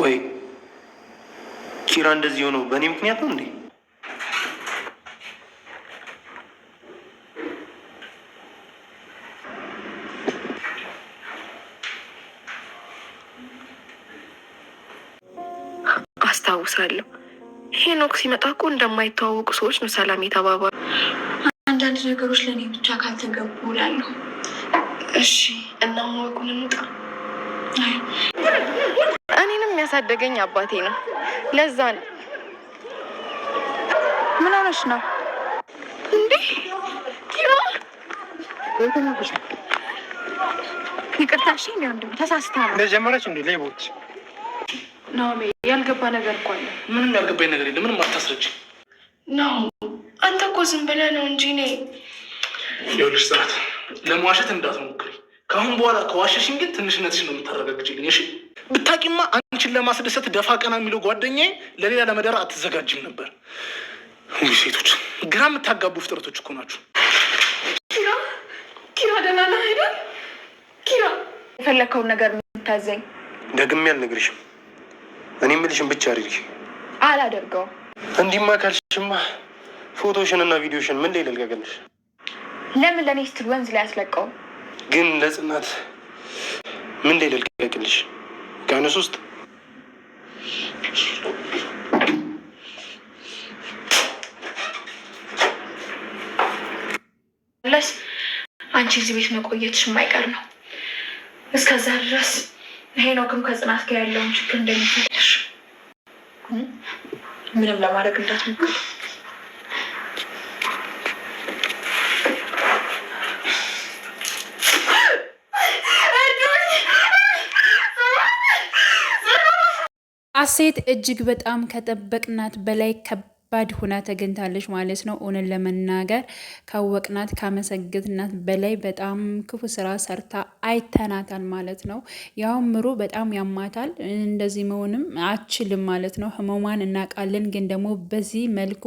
ቆይ ኪራ እንደዚህ ሆኖ በእኔ ምክንያት ነው እንዴ? አስታውሳለሁ። ሄኖክ ሲመጣ እኮ እንደማይተዋወቁ ሰዎች ነው ሰላም የተባባሉ። አንዳንድ ነገሮች ለእኔ ብቻ ካልተገቡ እላለሁ። እሺ እናማወቁን እንውጣ እኔንም ያሳደገኝ አባቴ ነው። ለዛ ነው። ምን ሆነሽ ነው እንዴ? ይቅርታሽ ወንድም ተሳስታ ለጀመረች እንዴ ሌቦች ናሜ ያልገባ ነገር እኮ አለ። ምንም ያልገባኝ ነገር የለም። ምንም አታስረጅ ነው። አንተ እኮ ዝም ብለህ ነው እንጂ እኔ ይኸውልሽ፣ ጽናት ለመዋሸት እንዳትሞክሪ ከአሁን በኋላ ከዋሸሽኝ ግን ትንሽነትሽ ነው የምታረጋግጭልኝ። እሺ ብታቂማ አንቺን ለማስደሰት ደፋ ቀና የሚለው ጓደኛዬ ለሌላ ለመደራ አትዘጋጅም ነበር። ውይ ሴቶች ግራ የምታጋቡ ፍጥረቶች እኮ ናችሁ። ኪራ ኪራ፣ ደህና ነህ አይደል? ኪራ፣ የፈለግከውን ነገር የምታዘኝ ደግሜ አልነግርሽም። እኔ የምልሽን ብቻ አድርጊ። አላደርገው እንዲማ ካልሽማ ፎቶሽንና ቪዲዮሽን ምን ላይ ልልቀቅልሽ? ለምን ለእኔ ስትል ወንዝ ላይ አስለቀውም ግን ለጽናት ምን ላይ ልልቀቅልሽ? ጋነስ ውስጥ ለስ አንቺ እዚህ ቤት መቆየትሽ የማይቀር ነው። እስከዛ ድረስ ሄኖክም ከጽናት ጋር ያለውን ችግር እንደሚፈልሽ ምንም ለማድረግ እንዳትሞክር ሀሴት እጅግ በጣም ከጠበቅናት በላይ ከባድ ሁና ተገኝታለች ማለት ነው። እውነት ለመናገር ካወቅናት ካመሰግትናት በላይ በጣም ክፉ ስራ ሰርታ አይተናታል ማለት ነው። ያው ምሩ በጣም ያማታል፣ እንደዚህ መሆንም አችልም ማለት ነው። ህመሟን እናውቃለን፣ ግን ደግሞ በዚህ መልኩ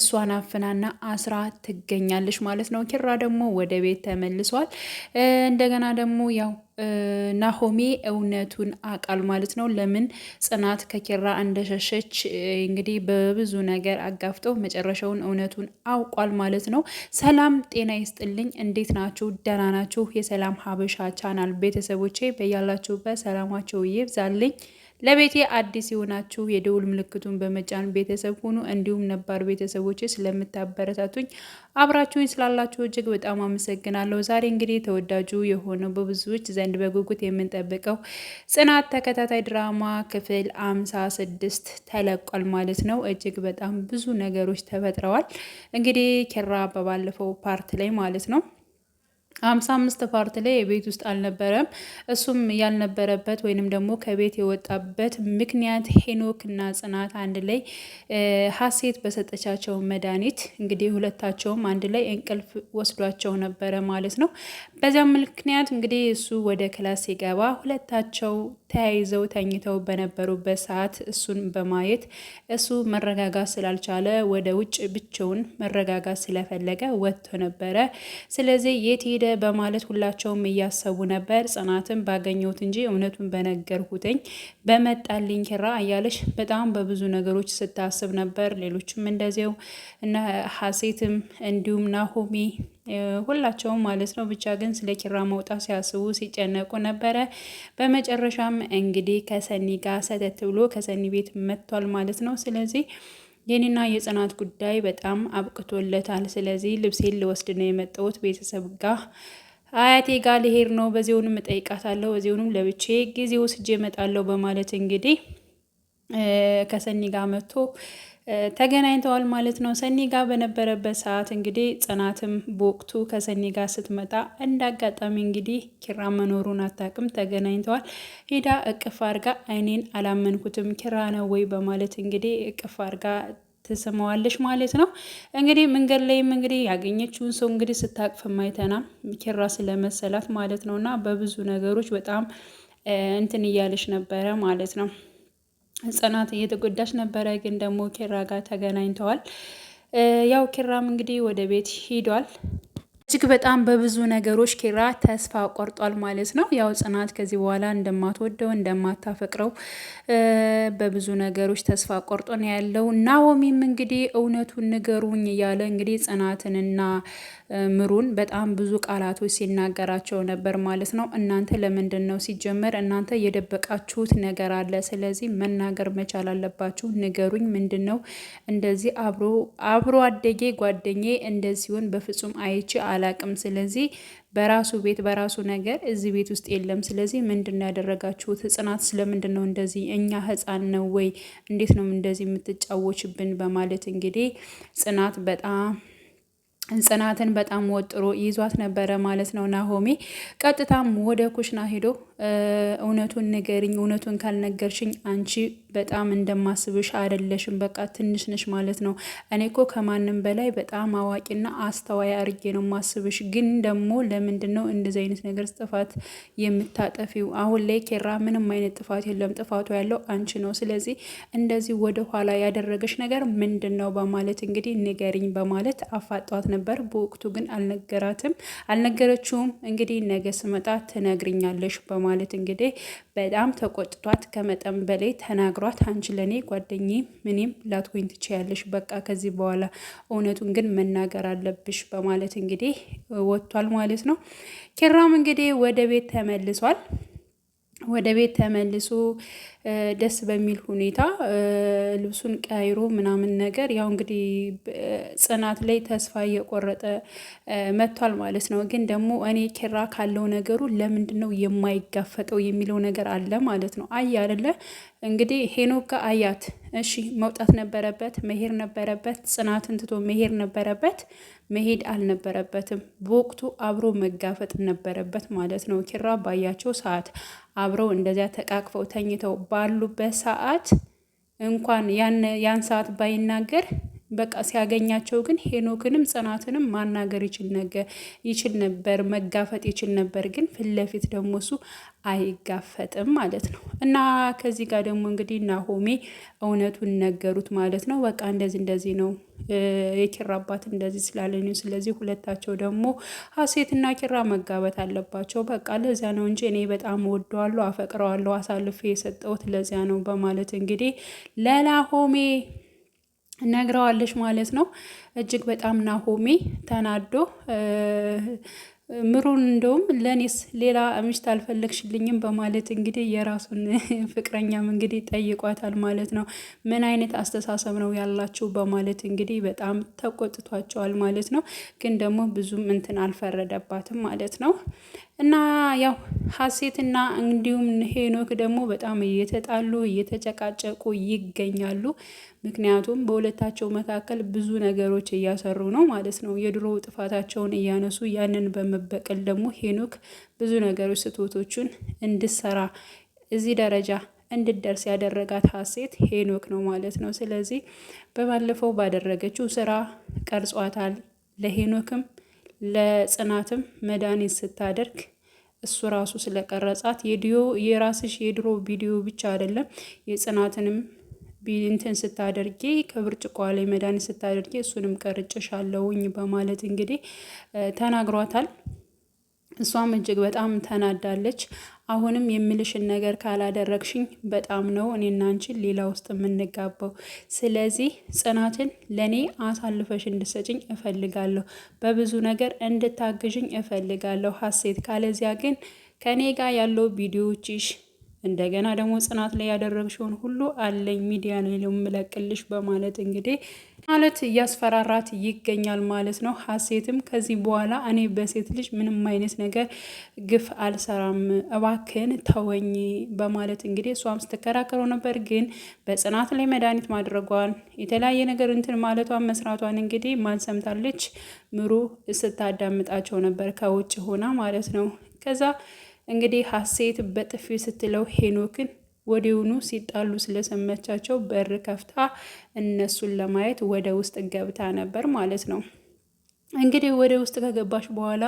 እሷን አፍናና አስራ ትገኛለች ማለት ነው። ኪራ ደግሞ ወደ ቤት ተመልሷል። እንደገና ደግሞ ያው ናሆሜ እውነቱን አቃል ማለት ነው። ለምን ጽናት ከኪራ እንደሸሸች እንግዲህ በብዙ ነገር አጋፍጠው መጨረሻውን እውነቱን አውቋል ማለት ነው። ሰላም ጤና ይስጥልኝ። እንዴት ናችሁ? ደህና ናችሁ? የሰላም ሀበሻ ቻናል ቤተሰቦቼ በያላችሁበት ሰላማቸው ይብዛልኝ። ለቤቴ አዲስ የሆናችሁ የደውል ምልክቱን በመጫን ቤተሰብ ሁኑ። እንዲሁም ነባር ቤተሰቦች ስለምታበረታቱኝ አብራችሁኝ ስላላችሁ እጅግ በጣም አመሰግናለሁ። ዛሬ እንግዲህ ተወዳጁ የሆነው በብዙዎች ዘንድ በጉጉት የምንጠብቀው ጽናት ተከታታይ ድራማ ክፍል አምሳ ስድስት ተለቋል ማለት ነው። እጅግ በጣም ብዙ ነገሮች ተፈጥረዋል። እንግዲህ ኪራ በባለፈው ፓርት ላይ ማለት ነው ሀምሳ አምስት ፓርት ላይ የቤት ውስጥ አልነበረም። እሱም ያልነበረበት ወይንም ደግሞ ከቤት የወጣበት ምክንያት ሄኖክና ጽናት አንድ ላይ ሀሴት በሰጠቻቸው መድኃኒት እንግዲህ ሁለታቸውም አንድ ላይ እንቅልፍ ወስዷቸው ነበረ ማለት ነው። በዚያም ምክንያት እንግዲህ እሱ ወደ ክላስ ሲገባ ሁለታቸው ተያይዘው ተኝተው በነበሩበት ሰዓት እሱን በማየት እሱ መረጋጋት ስላልቻለ ወደ ውጭ ብቻውን መረጋጋት ስለፈለገ ወጥቶ ነበረ። ስለዚህ የት ሄደ በማለት ሁላቸውም እያሰቡ ነበር። ጽናትም ባገኘሁት እንጂ እውነቱን በነገርኩትኝ በመጣልኝ ኪራ እያለች በጣም በብዙ ነገሮች ስታስብ ነበር። ሌሎችም እንደዚያው እና ሀሴትም እንዲሁም ናሆሚ ሁላቸውም ማለት ነው። ብቻ ግን ስለ ኪራ መውጣት ሲያስቡ ሲጨነቁ ነበረ። በመጨረሻም እንግዲህ ከሰኒ ጋር ሰተት ብሎ ከሰኒ ቤት መጥቷል ማለት ነው። ስለዚህ የኔና የጽናት ጉዳይ በጣም አብቅቶለታል። ስለዚህ ልብሴን ልወስድ ነው የመጣሁት ቤተሰብ ጋር አያቴ ጋር ልሄድ ነው። በዚሁንም እጠይቃታለሁ፣ በዚሁንም ለብቼ ጊዜ ወስጄ እመጣለሁ በማለት እንግዲህ ከሰኒ ጋር መጥቶ ተገናኝተዋል ማለት ነው። ሰኒ ጋር በነበረበት ሰዓት እንግዲህ ጽናትም በወቅቱ ከሰኒ ጋር ስትመጣ እንዳጋጣሚ እንግዲህ ኪራ መኖሩን አታውቅም። ተገናኝተዋል። ሄዳ እቅፍ አርጋ አይኔን አላመንኩትም ኪራ ነው ወይ በማለት እንግዲህ እቅፍ አርጋ ትስመዋለች ማለት ነው። እንግዲህ መንገድ ላይም እንግዲህ ያገኘችውን ሰው እንግዲህ ስታቅፍ ማይተና ኪራ ስለመሰላት ማለት ነው እና በብዙ ነገሮች በጣም እንትን እያለች ነበረ ማለት ነው። ጽናት እየተጎዳች ነበረ። ግን ደግሞ ኪራ ጋር ተገናኝተዋል። ያው ኪራም እንግዲህ ወደ ቤት ሂዷል። እጅግ በጣም በብዙ ነገሮች ኪራ ተስፋ ቆርጧል ማለት ነው። ያው ጽናት ከዚህ በኋላ እንደማትወደው እንደማታፈቅረው በብዙ ነገሮች ተስፋ ቆርጦ ነው ያለው። ናኦሚም እንግዲህ እውነቱን ንገሩኝ እያለ እንግዲህ ጽናትንና ምሩን በጣም ብዙ ቃላቶች ሲናገራቸው ነበር ማለት ነው። እናንተ ለምንድን ነው ሲጀመር እናንተ የደበቃችሁት ነገር አለ፣ ስለዚህ መናገር መቻል አለባችሁ። ንገሩኝ፣ ምንድን ነው እንደዚህ አብሮ አብሮ አደጌ ጓደኜ እንደዚሁን በፍጹም አይቼ አላቅም። ስለዚህ በራሱ ቤት በራሱ ነገር እዚህ ቤት ውስጥ የለም። ስለዚህ ምንድን ነው ያደረጋችሁት? ህጽናት ስለምንድን ነው እንደዚህ? እኛ ህፃን ነው ወይ? እንዴት ነው እንደዚህ የምትጫወችብን? በማለት እንግዲህ ጽናት በጣም ጽናትን በጣም ወጥሮ ይዟት ነበረ ማለት ነው። ናሆሜ ቀጥታም ወደ ኩሽና ሄዶ እውነቱን ንገርኝ፣ እውነቱን ካልነገርሽኝ አንቺ በጣም እንደማስብሽ አይደለሽም፣ በቃ ትንሽ ነሽ ማለት ነው። እኔ እኮ ከማንም በላይ በጣም አዋቂና አስተዋይ አርጌ ነው ማስብሽ። ግን ደግሞ ለምንድን ነው እንደዚህ አይነት ነገር ጥፋት የምታጠፊው? አሁን ላይ ኬራ ምንም አይነት ጥፋት የለም፣ ጥፋቱ ያለው አንቺ ነው። ስለዚህ እንደዚህ ወደ ኋላ ያደረገሽ ነገር ምንድን ነው? በማለት እንግዲህ ንገሪኝ በማለት አፋጧት ነበር። በወቅቱ ግን አልነገራትም፣ አልነገረችውም። እንግዲህ ነገ ስመጣ ትነግርኛለሽ በማለት እንግዲህ በጣም ተቆጥቷት ከመጠን በላይ ተናግሯል። ነግሯት አንቺ ለእኔ ጓደኛዬ ምንም ላትሆኝ ትችያለሽ፣ በቃ ከዚህ በኋላ እውነቱን ግን መናገር አለብሽ በማለት እንግዲህ ወጥቷል ማለት ነው። ኪራም እንግዲህ ወደ ቤት ተመልሷል። ወደ ቤት ተመልሶ ደስ በሚል ሁኔታ ልብሱን ቀይሮ ምናምን ነገር ያው እንግዲህ ጽናት ላይ ተስፋ እየቆረጠ መጥቷል ማለት ነው። ግን ደግሞ እኔ ኪራ ካለው ነገሩ ለምንድን ነው የማይጋፈጠው የሚለው ነገር አለ ማለት ነው። አይ አደለ እንግዲህ ሄኖክ አያት። እሺ መውጣት ነበረበት፣ መሄድ ነበረበት፣ ጽናትን ትቶ መሄድ ነበረበት፣ መሄድ አልነበረበትም። በወቅቱ አብሮ መጋፈጥ ነበረበት ማለት ነው። ኪራ ባያቸው ሰዓት አብረው እንደዚያ ተቃቅፈው ተኝተው ባሉበት ሰዓት እንኳን ያን ሰዓት ባይናገር በቃ ሲያገኛቸው ግን ሄኖክንም ጽናትንም ማናገር ይችል ነበር፣ መጋፈጥ ይችል ነበር። ግን ፊት ለፊት ደግሞ እሱ አይጋፈጥም ማለት ነው። እና ከዚህ ጋር ደግሞ እንግዲህ ናሆሜ እውነቱን ነገሩት ማለት ነው። በቃ እንደዚህ እንደዚህ ነው የኪራ አባት እንደዚህ ስላለኝ፣ ስለዚህ ሁለታቸው ደግሞ ሀሴትና ኪራ መጋበት አለባቸው። በቃ ለዚያ ነው እንጂ እኔ በጣም ወደዋለሁ፣ አፈቅረዋለሁ፣ አሳልፌ የሰጠሁት ለዚያ ነው በማለት እንግዲህ ለናሆሜ ነግረዋለች ማለት ነው። እጅግ በጣም ናሆሜ ተናዶ ምሩን እንደውም ለእኔስ ሌላ ምሽት አልፈለግሽልኝም በማለት እንግዲህ የራሱን ፍቅረኛም እንግዲህ ጠይቋታል ማለት ነው። ምን አይነት አስተሳሰብ ነው ያላችሁ በማለት እንግዲህ በጣም ተቆጥቷቸዋል ማለት ነው። ግን ደግሞ ብዙም እንትን አልፈረደባትም ማለት ነው። እና ያው ሀሴትና እንዲሁም ሄኖክ ደግሞ በጣም እየተጣሉ እየተጨቃጨቁ ይገኛሉ። ምክንያቱም በሁለታቸው መካከል ብዙ ነገሮች እያሰሩ ነው ማለት ነው። የድሮ ጥፋታቸውን እያነሱ ያንን በመበቀል ደግሞ ሄኖክ ብዙ ነገሮች ስህተቶቹን እንድሰራ እዚህ ደረጃ እንድደርስ ያደረጋት ሀሴት ሄኖክ ነው ማለት ነው። ስለዚህ በባለፈው ባደረገችው ስራ ቀርጿታል። ለሄኖክም ለጽናትም መድኃኒት ስታደርግ እሱ ራሱ ስለቀረጻት የራስሽ የድሮ ቪዲዮ ብቻ አይደለም የጽናትንም እንትን ስታደርጊ ከብርጭቋ ላይ መድኃኒት ስታደርጊ እሱንም አለውኝ በማለት እንግዲህ ተናግሯታል። እሷም እጅግ በጣም ተናዳለች። አሁንም የምልሽን ነገር ካላደረግሽኝ በጣም ነው እኔ እናንቺን ሌላ ውስጥ የምንጋባው። ስለዚህ ጽናትን ለእኔ አሳልፈሽ እንድሰጭኝ እፈልጋለሁ። በብዙ ነገር እንድታግዥኝ እፈልጋለሁ ሀሴት። ካለዚያ ግን ከእኔ ጋር ያለው ቪዲዮዎችሽ እንደገና ደግሞ ጽናት ላይ ያደረግሽውን ሁሉ አለኝ ሚዲያ ላይ የምለቅልሽ በማለት እንግዲህ ማለት እያስፈራራት ይገኛል ማለት ነው። ሀሴትም ከዚህ በኋላ እኔ በሴት ልጅ ምንም አይነት ነገር ግፍ አልሰራም፣ እባክን ተወኝ በማለት እንግዲህ እሷም ስትከራከረው ነበር። ግን በጽናት ላይ መድኃኒት ማድረጓን የተለያየ ነገር እንትን ማለቷን መስራቷን እንግዲህ ማንሰምታለች ምሩ ስታዳምጣቸው ነበር ከውጭ ሆና ማለት ነው። ከዛ እንግዲህ ሀሴት በጥፊ ስትለው ሄኖክን ወዲውኑ ሲጣሉ ስለሰማቻቸው በር ከፍታ እነሱን ለማየት ወደ ውስጥ ገብታ ነበር ማለት ነው። እንግዲህ ወደ ውስጥ ከገባች በኋላ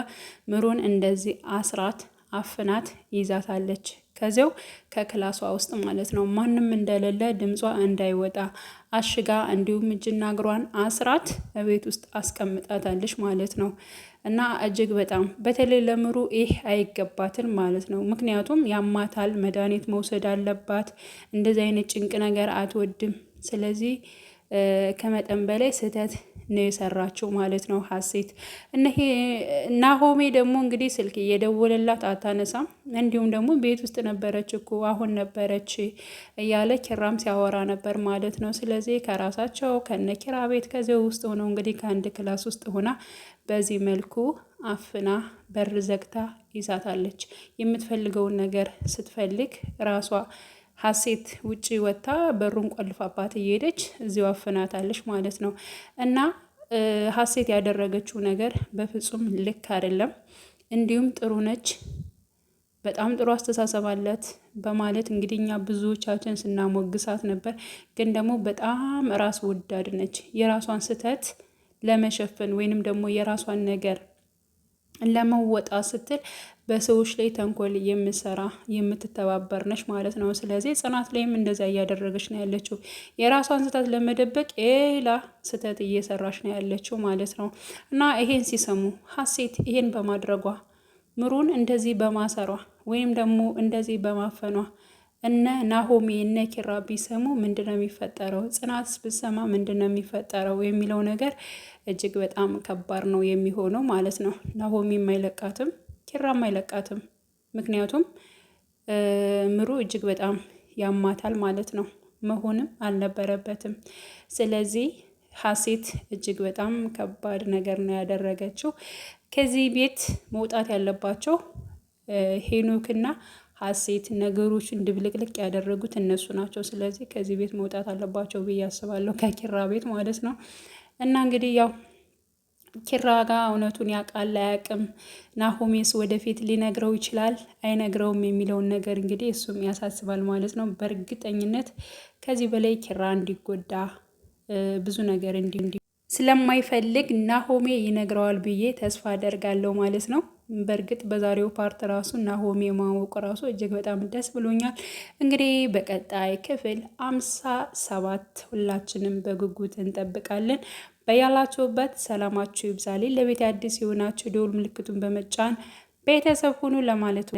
ምሩን እንደዚህ አስራት አፍናት ይዛታለች። ከዚያው ከክላሷ ውስጥ ማለት ነው። ማንም እንደሌለ ድምጿ እንዳይወጣ አሽጋ እንዲሁም እጅና እግሯን አስራት ቤት ውስጥ አስቀምጣታለች ማለት ነው። እና እጅግ በጣም በተለይ ለምሩ ይህ አይገባትም ማለት ነው። ምክንያቱም ያማታል፣ መድኃኒት መውሰድ አለባት። እንደዚህ አይነት ጭንቅ ነገር አትወድም። ስለዚህ ከመጠን በላይ ስህተት ነው የሰራችው ማለት ነው ሀሴት። ናሆሜ ደግሞ እንግዲህ ስልክ እየደወለላት አታነሳም፣ እንዲሁም ደግሞ ቤት ውስጥ ነበረች እኮ አሁን ነበረች እያለ ኪራም ሲያወራ ነበር ማለት ነው። ስለዚህ ከራሳቸው ከነ ኪራ ቤት ከዚያ ውስጥ ሆነው እንግዲህ ከአንድ ክላስ ውስጥ ሆና በዚህ መልኩ አፍና በር ዘግታ ይዛታለች። የምትፈልገውን ነገር ስትፈልግ ራሷ ሀሴት ውጪ ወጥታ በሩን ቆልፋባት እየሄደች እዚሁ አፍናታለች ማለት ነው። እና ሀሴት ያደረገችው ነገር በፍጹም ልክ አይደለም። እንዲሁም ጥሩ ነች፣ በጣም ጥሩ አስተሳሰብ አላት በማለት እንግዲህ እኛ ብዙዎቻችን ስናሞግሳት ነበር። ግን ደግሞ በጣም ራስ ወዳድ ነች። የራሷን ስህተት ለመሸፈን ወይንም ደግሞ የራሷን ነገር ለመወጣት ስትል በሰዎች ላይ ተንኮል የምሰራ የምትተባበር ነች ማለት ነው። ስለዚህ ጽናት ላይም እንደዚያ እያደረገች ነው ያለችው። የራሷን ስህተት ለመደበቅ ሌላ ስህተት እየሰራች ነው ያለችው ማለት ነው። እና ይሄን ሲሰሙ ሀሴት ይሄን በማድረጓ ምሩን እንደዚህ በማሰሯ ወይም ደግሞ እንደዚህ በማፈኗ እነ ናሆሜ እነ ኪራ ቢሰሙ ምንድን ነው የሚፈጠረው? ጽናትስ ብሰማ ምንድን ነው የሚፈጠረው የሚለው ነገር እጅግ በጣም ከባድ ነው የሚሆነው ማለት ነው። ናሆሚ አይለቃትም፣ ኪራ አይለቃትም። ምክንያቱም ምሩ እጅግ በጣም ያማታል ማለት ነው። መሆንም አልነበረበትም። ስለዚህ ሀሴት እጅግ በጣም ከባድ ነገር ነው ያደረገችው። ከዚህ ቤት መውጣት ያለባቸው ሄኖክና ሀሴት ነገሮችን ድብልቅልቅ ያደረጉት እነሱ ናቸው። ስለዚህ ከዚህ ቤት መውጣት አለባቸው ብዬ አስባለሁ፣ ከኪራ ቤት ማለት ነው። እና እንግዲህ ያው ኪራ ጋ እውነቱን ያውቃል አያውቅም፣ ናሆሜስ ወደፊት ሊነግረው ይችላል አይነግረውም የሚለውን ነገር እንግዲህ እሱም ያሳስባል ማለት ነው። በእርግጠኝነት ከዚህ በላይ ኪራ እንዲጎዳ ብዙ ነገር እንዲ ስለማይፈልግ ናሆሜ ይነግረዋል ብዬ ተስፋ አደርጋለሁ ማለት ነው። በእርግጥ በዛሬው ፓርት ራሱ ናሆሜ የማወቁ ራሱ እጅግ በጣም ደስ ብሎኛል። እንግዲህ በቀጣይ ክፍል አምሳ ሰባት ሁላችንም በጉጉት እንጠብቃለን። በያላችሁበት ሰላማችሁ ይብዛልኝ። ለቤት አዲስ የሆናችሁ ደውል ምልክቱን በመጫን ቤተሰብ ሁኑ ለማለት